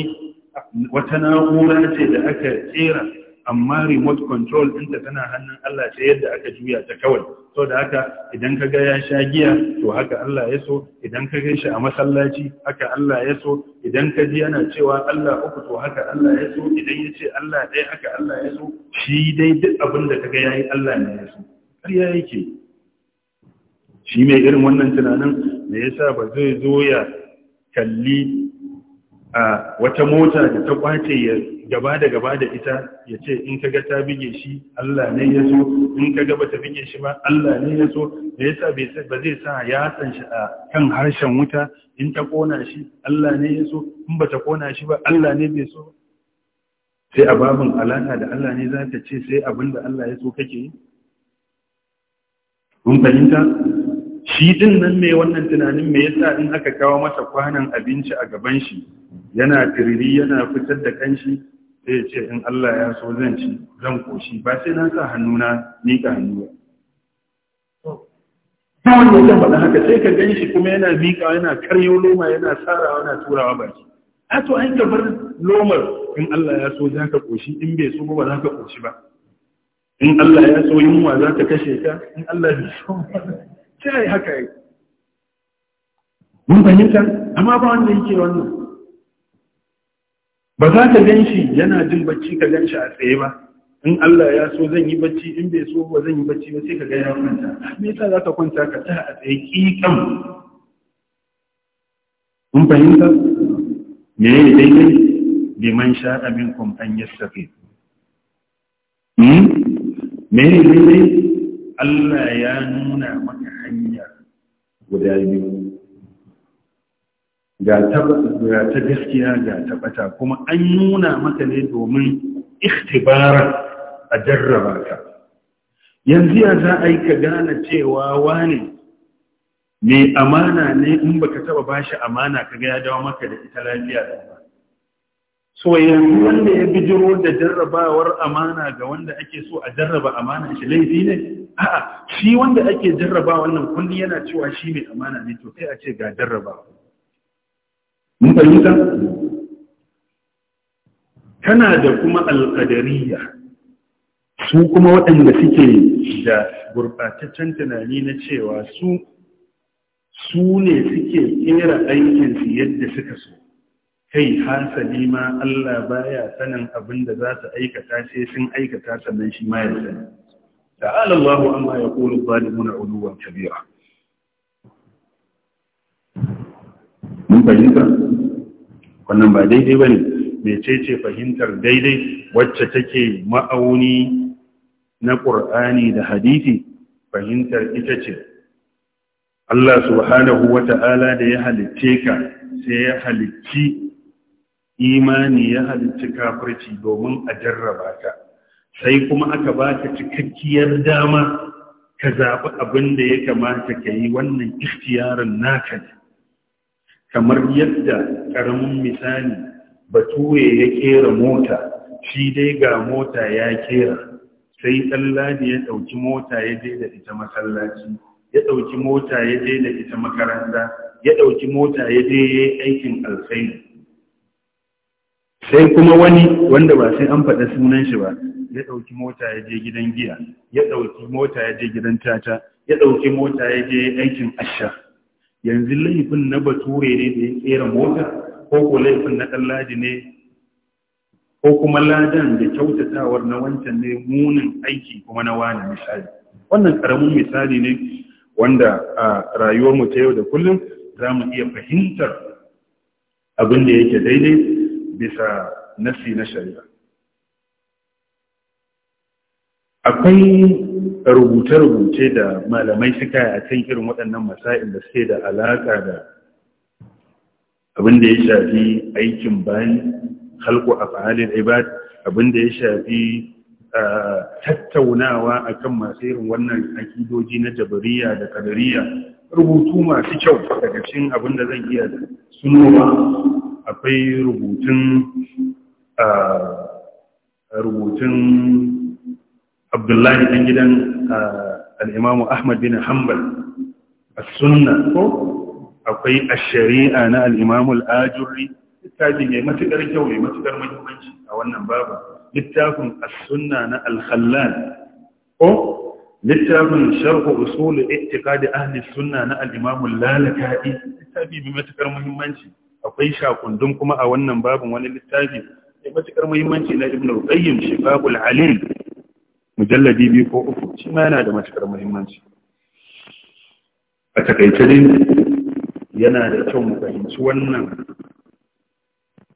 wata na'ura ce da aka tsira amma remote control ɗinta tana hannun Allah ce yadda aka juya ta kawai so da haka idan ka ga ya sha giya to haka Allah ya so idan ka gaishe a masallaci haka Allah ya so idan ka ji yana cewa Allah uku to haka Allah ya so idan ya ce Allah ɗaya haka Allah ya so shi dai duk abin da ka ga yi Allah ne ya so har ya yake shi mai irin wannan tunanin me yasa ba zai zo ya kalli a wata mota da ta kwace ya gaba da gaba da ita ya ce in kaga ta bige shi Allah ne ya so in kaga bata bige shi ba Allah ne ya so da yasa ba zai sa ya san shi a kan harshen wuta in ta kona shi Allah ne ya so in bata kona shi ba Allah ne bai so sai a babin alaka da Allah ne za ta ce sai abin da Allah ya so kake yi mun fahimta shi din nan mai wannan tunanin me yasa in aka kawo masa kwanan abinci a gaban shi yana tiriri yana fitar da kanshi sai ce in Allah ya so zan ci zan koshi ba sai na sa hannu ni miƙa hannu ba. Ta wanda ya ba haka sai ka gani shi kuma yana miƙa yana karyo loma yana sarawa yana turawa baki. A to an ka bar lomar in Allah ya so za ka koshi in bai so ba za ka koshi ba. In Allah ya so yunwa za ka kashe ka in Allah bai so ba. Sai haka yi. Mun fahimta amma ba wanda yake wannan. ba za ka gan shi yana jin bacci ka gan shi a tsaye ba in Allah ya so zan yi bacci in bai so ba zan yi bacci ba sai ka ga ya kwanta me yasa za ka kwanta ka ta a tsaye kikan Kun fahimta me ne daidai sha sha'a minkum an yastafi hmm? me ne daidai Allah ya nuna maka hanya guda biyu ga ta gaskiya ga tabbata kuma an nuna maka ne domin ikhtibara a jarraba ka yanzu ya za a yi ka gane cewa wane mai amana ne in baka taba bashi amana ka ga ya dawo maka da ita lafiya da ba so yanzu wanda ya bijiro da jarrabawar amana ga wanda ake so a jarraba amana shi laifi ne a'a shi wanda ake jarraba wannan kundi yana cewa shi mai amana ne to kai a ce ga jarrabawa mun fahimta tana da kuma al'adariya su kuma waɗanda suke da gurɓataccen tunani na cewa su su ne suke ƙera aikinsu yadda suka so kai hasali ma Allah baya sanin abin da za su aikata sai sun aikata sannan shi ma ya sani ta'ala Allahu amma ya qulu zalimuna uluwan kabira mun fahimta wannan ba daidai ba ne mecece fahimtar daidai wacce take ma'auni na ƙur'ani da hadisi fahimtar ita ce Allah subhanahu wa ta'ala da ya halicce ka sai ya halicci imani ya halicci kafirci domin a jarraba ka sai kuma aka baka cikakkiyar dama ka zaɓi abin da ya kamata ka yi wannan ikhtiyarin naka ne kamar yadda ƙaramin misali bature ya kera mota shi dai ga mota ya kera sai tsallabi ya ɗauki mota ya je da ita masallaci ya ɗauki mota ya je da ita makaranta ya ɗauki mota ya je ya yi aikin alfai sai kuma wani wanda ba sai an faɗa sunan shi ba ya ɗauki mota ya je gidan giya ya ɗauki mota ya je gidan tata ya ɗauki mota ya je aikin asha yanzu laifin na bature ne da ya tsera motar ko ko laifin na Ɗanladi ne ko kuma ladan da kyautatawar na wancan ne munin aiki kuma na wani misali wannan karamin misali ne wanda a rayuwarmu ta yau da kullum za mu iya fahimtar abin da yake daidai bisa nasi na shari'a akwai rubuce-rubuce da malamai suka yi a kan irin waɗannan masa'il da suke da alaƙa da abin da ya shafi aikin bani halko a fa'alin ibad abin ya shafi tattaunawa a kan masu irin wannan akidoji na jabariya da kadariya rubutu masu kyau daga cikin abinda zan iya sunowa akwai rubutun abdullahi ɗan gidan al'imamu ahmad bin hanbal a sunna ko akwai a shari'a na al'imamu al'ajurri littafin ya yi matuƙar kyau ya yi matuƙar mahimmanci a wannan babu littafin a sunna na al ko littafin sharhu usul ittiqadi ahli sunna na al'imamu imamu al-lalaka'i littafi mai matuƙar muhimmanci akwai shakundun kuma a wannan babin wani littafi mai matuƙar muhimmanci na ibn al-qayyim shifa'ul alim mujalladi biyu ko uku shi ma yana da matuƙar muhimmanci a takaice dai yana da kyau mu fahimci wannan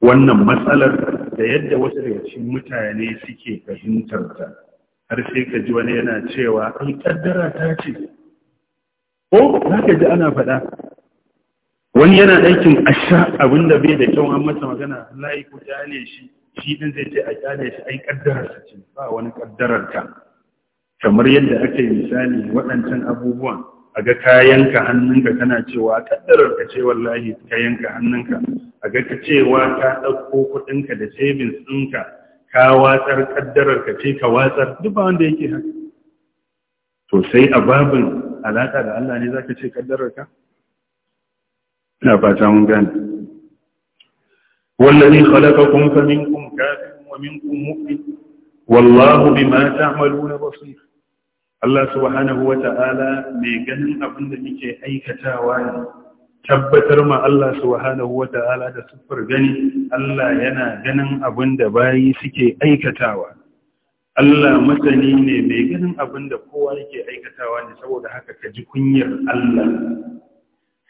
wannan matsalar da yadda wasu daga cikin mutane suke fahimtar ta har sai ka ji wani yana cewa an kaddara ta ce ko za ka ji ana faɗa wani yana ɗakin asha abinda bai da kyau an masa magana layi ku jale shi shi din zai ce a kyale shi ai kaddarar sa ce ba wani kaddarar ka kamar yadda aka yi misali waɗancan abubuwan a ga kayanka hannunka kana cewa kaddarar ka ce wallahi yanka hannunka a ga ka cewa ka ɗauko kuɗinka da savings ɗinka ka watsar kaddarar ka ce ka watsar duk ba wanda yake haka to sai a babin alaƙa da Allah ne zaka ce kaddarar ka ina fata mun gane هو الذي خلقكم فمنكم كافر ومنكم مؤمن والله بما تعملون بصير Allah subhanahu wa ta'ala mai ganin abin da muke aikatawa ne, tabbatar ma Allah subhanahu wa ta'ala da siffar gani, Allah yana ganin abin da bayi suke aikatawa. Allah masani ne mai ganin abin da kowa yake aikatawa saboda haka ka ji kunyar Allah,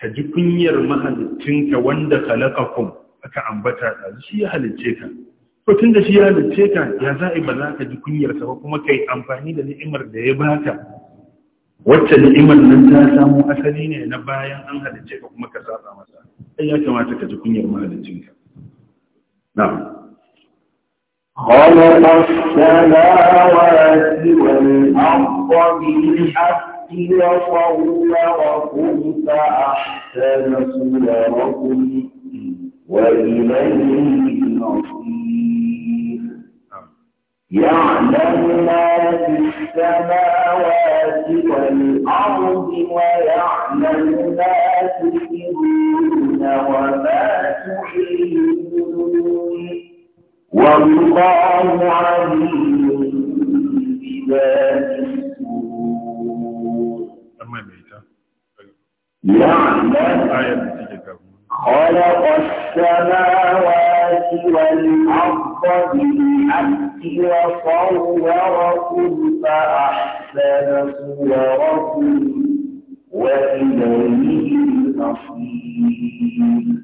ka ji kunyar mahalittinka wanda kalakakun. aka ambata da shi ya halicce ka to tun da shi ya halicce ka ya za'i ba za ka ji kunyarsa ba kuma ka amfani da ni'imar da ya baka wacce ni'imar nan ta samu asali ne na bayan an halicce ka kuma ka saba masa ai ya kamata ka ji kunyar ka na'am خلق السماوات والأرض بالحق وصوركم فأحسن صوركم وإليه المصير يعلم ما في السماوات والأرض ويعلم ما تسرون وما تعلنون والله عليم بذات الصدور يعلم آية خلق السماوات والأرض بالحق وصوركم فأحسن صوركم وإليه المصير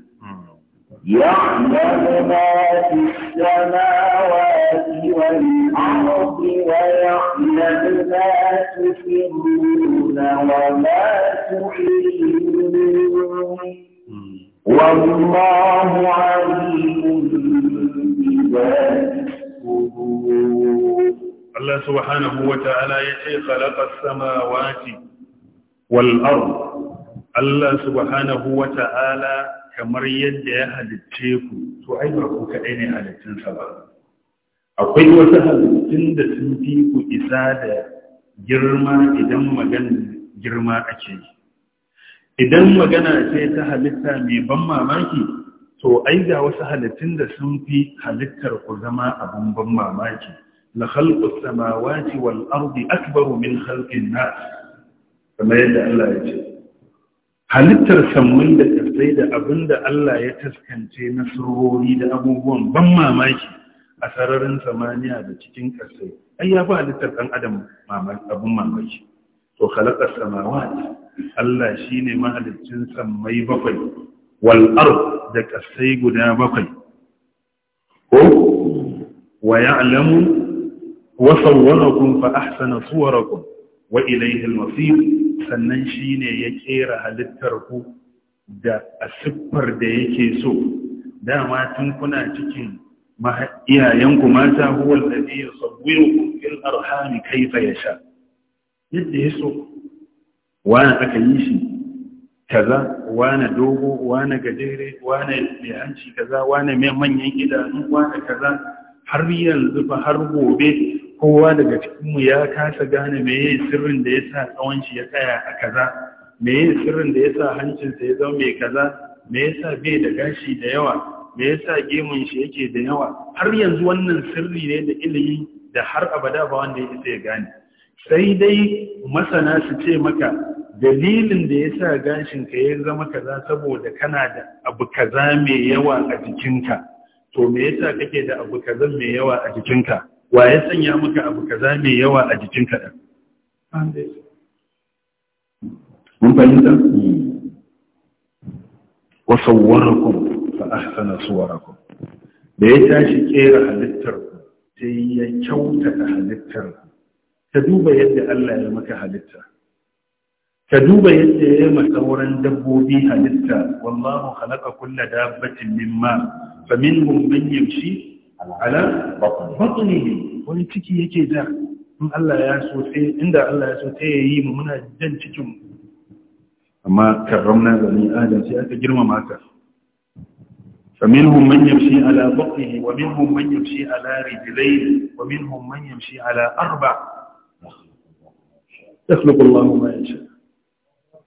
يعلم ما في السماوات والأرض ويعلم ما تسرون وما تعلنون والله عليم بذات الله سبحانه وتعالى يتي خلق السماوات والأرض الله سبحانه وتعالى kamar yadda ya halicce ku to ai ba ku kaɗai ne halittunsa ba akwai wasu halittun da sun fi ku isa da girma idan magan girma ake yi idan magana ce ta halitta mai ban mamaki to ai ga wasu halittun da sun fi halittar ku zama abun ban mamaki la khalqu samawati wal ardi akbaru min khalqin nas kamar yadda Allah ya ce halittar samun da tsaye da abinda Allah ya taskance na surori da abubuwan ban mamaki a sararin samaniya da cikin kasai ai ya ba halittar dan adam abun mamaki to khalaqa samawati Allah shi ne mahaliccin sammai bakwai wal'ar da ƙasai guda bakwai ko wa ya'lamu wa sawwarakum fa ahsana suwarakum wa ilayhi masir sannan shine ya kera halittar ku da siffar da yake so dama tun kuna cikin iyayenku mata huwa alladhi yusawwirukum fil arham kayfa yasha yadda so. wani aka yi shi kaza wane dogo wane gajere wane mai hanci kaza wane mai manyan idanu wane kaza har yanzu fa har gobe kowa daga cikinmu ya kasa gane meye sirrin da ya sa tsawon ya tsaya a kaza meye sirrin da ya sa hancinsa ya zama mai kaza me yasa bai da gashi da yawa me yasa gemun shi yake da yawa har yanzu wannan sirri ne da ilimi da har abada ba wanda ya isa ya gane sai dai masana su ce maka dalilin da ya sa gashinka ya zama kaza saboda kana da abu kaza mai yawa a jikinka to me yasa kake da abu kaza mai yawa a jikinka wa ya sanya maka abu kaza mai yawa a jikinka ɗan mun fahimta hmm. wa sawwarakum fa ahsana suwarakum da ya tashi kera halittar ku sai ya kyautata halittar ku ka duba yadda Allah ya maka halitta ka duba yadda ya yi sauran dabbobi halitta wallahu khalaqa kulla dabbatin mimma faminhum man yamshi ala batnihi wani ciki yake da in Allah ya so sai inda Allah ya so sai yayi mu muna jan cikin mu amma karramna bani adam sai aka girmama ka فمنهم من يمشي على بطنه ومنهم من يمشي على رجلين ومنهم من يمشي على أربع يخلق الله ما يشاء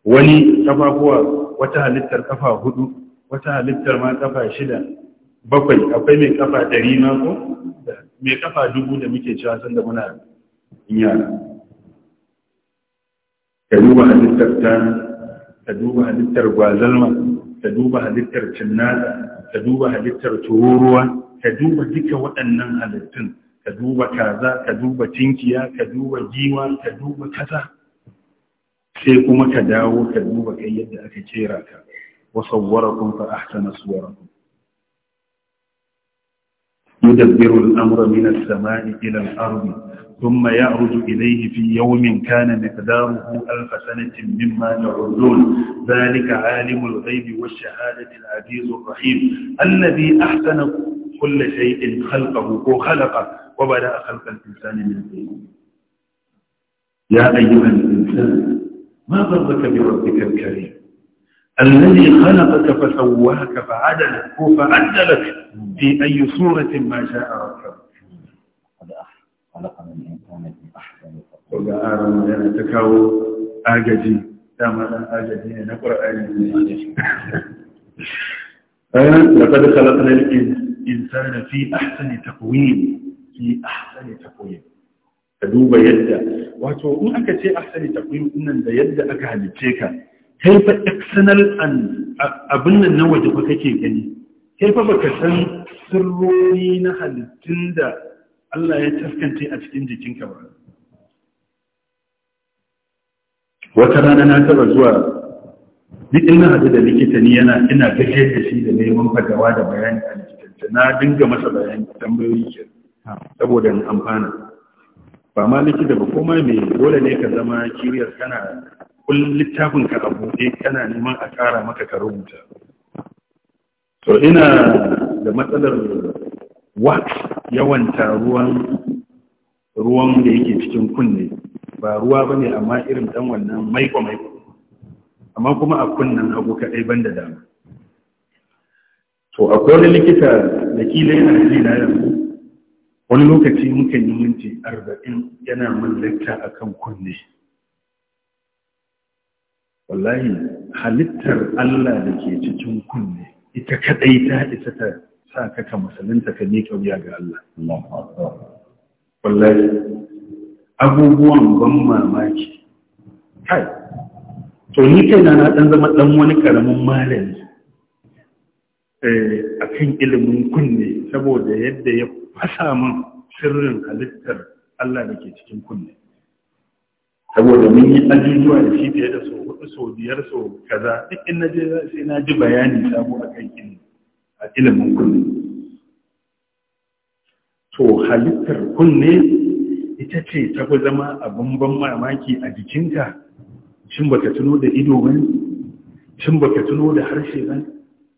wani kafafuwa wata halittar kafa hudu wata halittar ma kafa shida bakwai akwai mai kafa dari ma ko mai kafa dubu da muke cewa da muna yara ka duba halittar tana ka duba halittar gwazalma ka duba halittar cinnata, ka duba halittar tururuwa ka duba duka waɗannan halittun ka duba kaza ka duba tinkiya ka duba giwa ka duba kasa sai kuma ka dawo ka duba kai yadda aka kera ka wa sawwarakum fa ahsana suwarakum ثم يعرج إليه في يوم كان مقداره ألف سنة مما تعدون ذلك عالم الغيب والشهادة العزيز الرحيم الذي أحسن كل شيء خلقه وخلقه وبدأ خلق الإنسان من الدين يا أيها الإنسان ما ضربك بربك الكريم الذي خلقك فسواك فعدلك فعدلك في أي صورة ما شاء ربك خلقنا الإنسان في أحسن تقول آرم لنا تكاو آجدي دام لا آجدي نقرأ <laughs> لقد خلقنا الإنسان في أحسن تقويم في أحسن تقويم تدوب يده wato in aka ce asali takwim nan da yadda aka halice ka kai fa external and abin nan na waje fa kake gani kai fa baka san sirrori na halittun da Allah ya taskance a cikin jikinka ba wata rana na taba zuwa duk ina hadu da likita ni yana ina gaje da shi da neman fadawa da bayani a likitance na dinga masa bayani tambayoyi ke saboda amfana ba ma likita ba komai mai dole ne ka zama kiriyar kana kullum littafin ka a buɗe kana neman a ƙara maka ka rubuta to ina da matsalar wax yawan taruwan ruwan da yake cikin kunne ba ruwa ba ne amma irin dan wannan maiko-maiko amma kuma a kunnen hagu kaɗai ban da dama to akwai wani likita da kila yana ji na yanzu wani lokaci mukan yi minti arba'in yana mallakta a kan kunne wallahi halittar allah da ke cikin kunne ita kadai ta isa ta sa ka ka musulunta ka miƙa wuya ga allah wallahi abubuwan ban mamaki kai to ni kaina na ɗan zama ɗan wani ƙaramin malami eh, a kan ilimin kunne saboda yadda ya fasa min sirrin halittar Allah da ke cikin kunne saboda mun yi ajujuwa da shi fiye da so hudu so biyar so kaza duk in na je sai na ji bayani sabo a kan a ilimin kunne to halittar kunne ita ce ta fi zama abin ban mamaki a jikinka shin baka tuno da ido ba shin baka tuno da harshe ba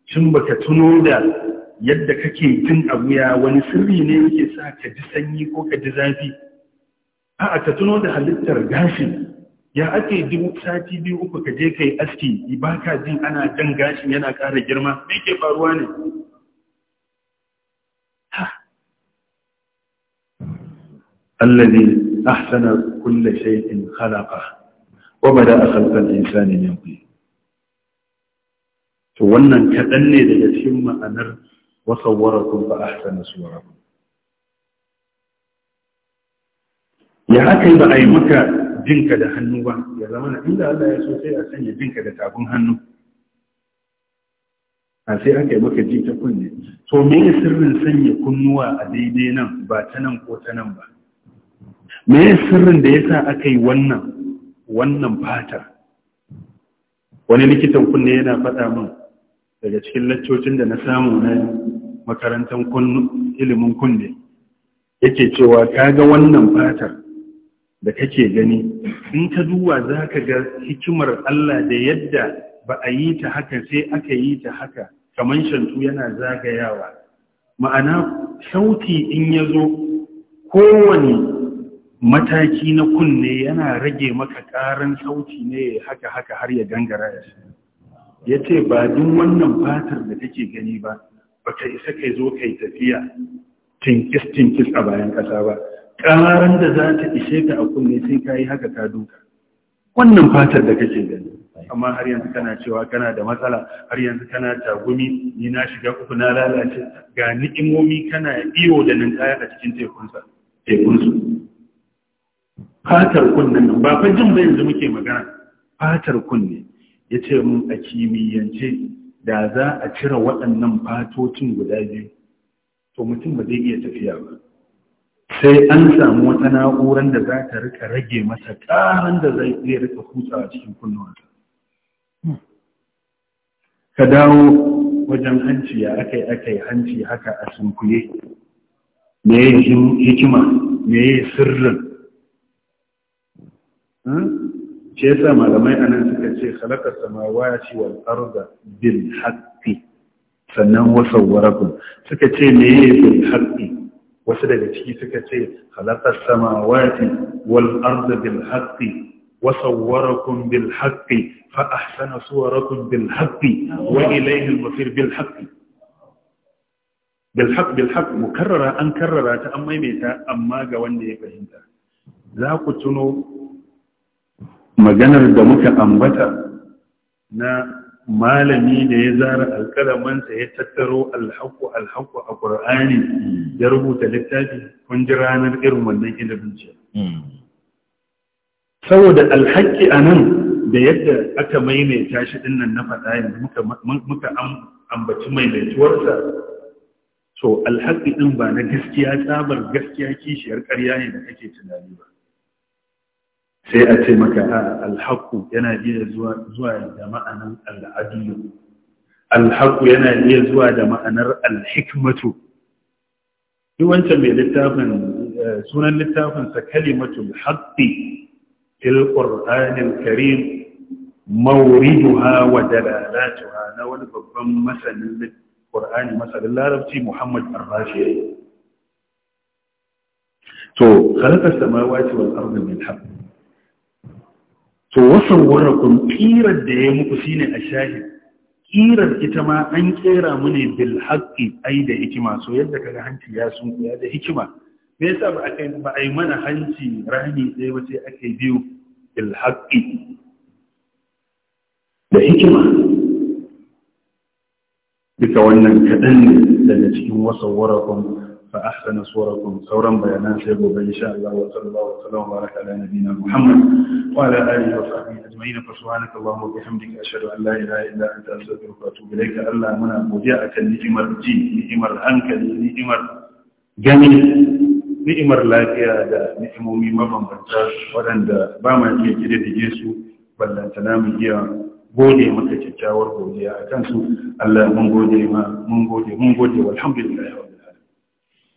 shin baka tuno da yadda kake jin a wuya wani sirri ne yake sa ka ji sanyi ko ka ji zafi a'a ka tuno da halittar gashi. ya ake duk sati biyu uku ka je ka yi aski ba ka jin ana jan gashi yana ƙara girma me ke faruwa ne الذي shay'in khalaqa wa bada وبدأ al-insani min طين to wannan kaɗan ne daga cikin ma'anar وصوركم فأحسن صوركم ya haka ba a yi maka jinka da hannu ba ya zama na inda Allah ya so sai a sanya jinka da tafin hannu a sai aka yi maka jita kunne to me ya sirrin sanya kunnuwa a daidai nan ba ta nan ko ta nan ba me ya sirrin da ya sa aka yi wannan wannan fata? wani likitan kunne yana faɗa min daga cikin laccocin da na samu na makarantar ilimin kunne yake cewa ga wannan fatar da kake gani in ka duwa za ka ga hikimar Allah da yadda ba a yi ta haka sai aka yi ta haka kamar shantu yana zagayawa ma'ana sauti in ya zo kowane mataki na kunne yana rage maka ƙaran sauti ne haka haka har ya gangara ya ya ce ba duk wannan fatar da take gani ba ba ta isa kai zo kai tafiya tinkis-tinkis a bayan ƙasa ba ƙaran da za ta ishe ka a kunne sai ka haka ka duka wannan fatar da kake gani amma har yanzu kana cewa kana da matsala har yanzu kana tagumi ni na shiga uku na lalace ga ni'imomi kana iyo da ninkaya a cikin tekunsa tekunsu fatar kunnen ba fa jin ba yanzu muke magana fatar kunne ya ce mun a kimiyyance da za a cire waɗannan fatocin guda biyu to mutum ba zai iya tafiya ba sai an samu wata na'urar da za ta rika rage masa ƙaran da zai iya rika hutsawa cikin kunnuwa ka dawo wajen hanci ya aka akai hanci haka a sunkuye me ya hikima me ya sirrin hmm? shi yasa malamai anan suka ce khalaqa ce wal arda bil haqqi sannan wasu sawwarakum suka ce me bil haqqi wasu daga ciki suka ce khalaqa ce wal arda bil haqqi وصوركم بالحق فأحسن صوركم بالحق وإليه المصير بالحق an karrara ta an maimaita amma ga wanda ya fahimta za ku tuno? maganar da muka ambata na malami da ya zara alkalamansa ya tattaro alhaku alhaku a ƙur'ani ya rubuta littafi kun ji ranar irin wannan ilimin ce saboda alhaki a nan da yadda aka maimaita shi dinnan na faɗa yanzu muka ambaci maimaituwarsa to alhaki ɗin ba na gaskiya tsabar gaskiya kishiyar ƙarya ne da kake tunani ba sai a ce maka alhaku yana iya zuwa da ma'anar alhaku yana iya zuwa da ma'anar alhikmatu Yi wancan mai littafin eh, sunan littafinsa kalimatul haqqi fil qur'anil karim mawriduha wa dalalatuha na wani babban masanin qur'ani masanin larabci muhammad ar to khalaqa as-samawati wal arda mai haqq to wasan warakun ƙirar da ya muku shine a shahid ƙirar ita ma an ƙera mu ne bil haƙƙi ai da hikima so yadda kaga hanci ya sunkuya da hikima me yasa ba a ba a yi mana hanci rami ɗaya ba sai aka biyu bil haƙƙi da hikima duka wannan kaɗan daga cikin wasan warakun fa ahsana suwarakum sauran bayanan sai gobe insha Allah wa sallallahu alaihi wa baraka ala Muhammad wa ala alihi wa sahbihi ajma'in fa subhanaka allahumma wa bihamdika ashhadu an la ilaha illa anta astaghfiruka wa atubu ilaik Allah muna a kan ni'imar ji ni'imar hankali ni'imar gani ni'imar lafiya da ni'imomi mabambanta waɗanda ba ma iya kididdige su ballantana mu iya gode maka kyakkyawar godiya a kansu Allah mun gode ma mun gode mun gode walhamdulillah